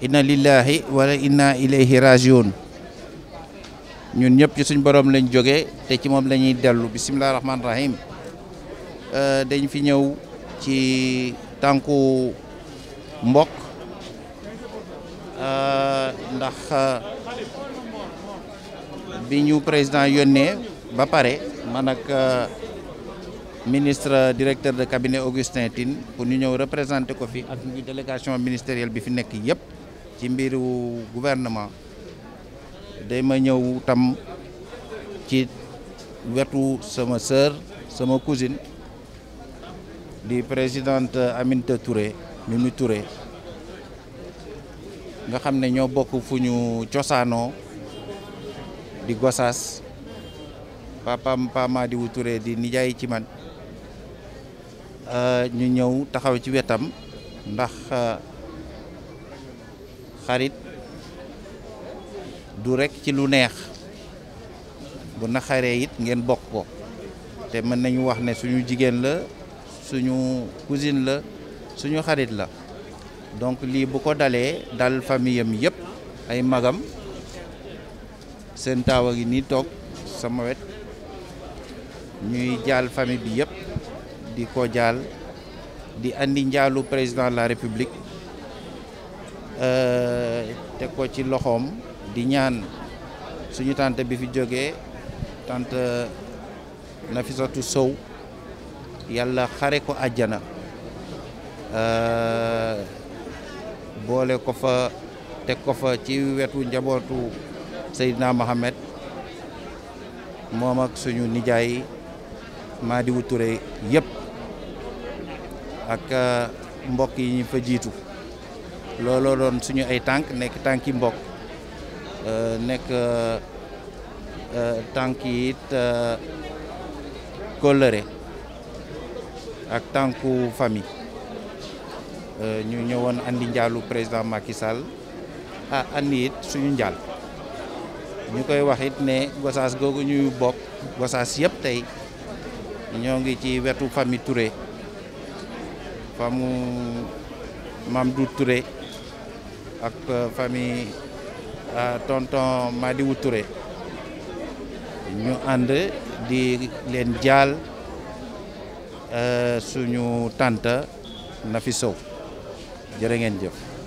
inna lillahi wala inna ilayhi rajiun ñun ñëpp ci suñ borom lañu jógee te ci moom la ñuy dellu bisimilah rahmaani rahim euh, dañ fi ñëw ci tànku mbokk euh, ndax euh, bi ñu président yónnee ba pare man ak ministre directeur de cabinet Augustin Tine pour ñu ñëw représenté ko fi ak ñu délégation ministérielle bi fi nekk yëpp. ci mbiru gouvernement day ma ñëw tam ci wetu sama sœur sama cousine di présidente aminte Touré Mimi Touré nga xam ne ñoo bokk fu ñu cosaanoo di Gossas papam pama di di nijaay ci man euh, ñu ñëw taxaw ci wetam ndax euh, xarit du rek ci lu neex bu naxaree it ngeen bokk ko te mën nañu wax ne suñu jigéen la suñu cousine la suñu xarit la donc lii bu ko dalee dal famille am yëpp ay magam Sen taawa gi nii toog sama wet ñuy jaal famille bi yëpp di ko jaal di andi njaalu président de la république Eh, tek ko ci loxom di ñaan suñu tante bi fi joggé tante nafisatu sow yalla xare ko aljana euh boole ko fa tek ko fa ci wetu njabotu sayyidina muhammad mom ak suñu nijaay madi wuture yep ak mbokk yi ñi fa jitu looloo suñu ay tànk nekk tànki mbokk euh, nekk euh, tànki it euh, kóllëre ak tànku famille ñu ñëwoon indi njaalu président Macky Sall ah andi it suñu njaal ñu koy wax it ne Gossas googu ñuy bokk Gossas yëpp tey ñoo ngi ci wetu famille Touré famu du Touré ak euh, famille tonton Madiou Touré ñu ànd di leen jaal euh, suñu tante Nafi Sow jërë ngeen jëf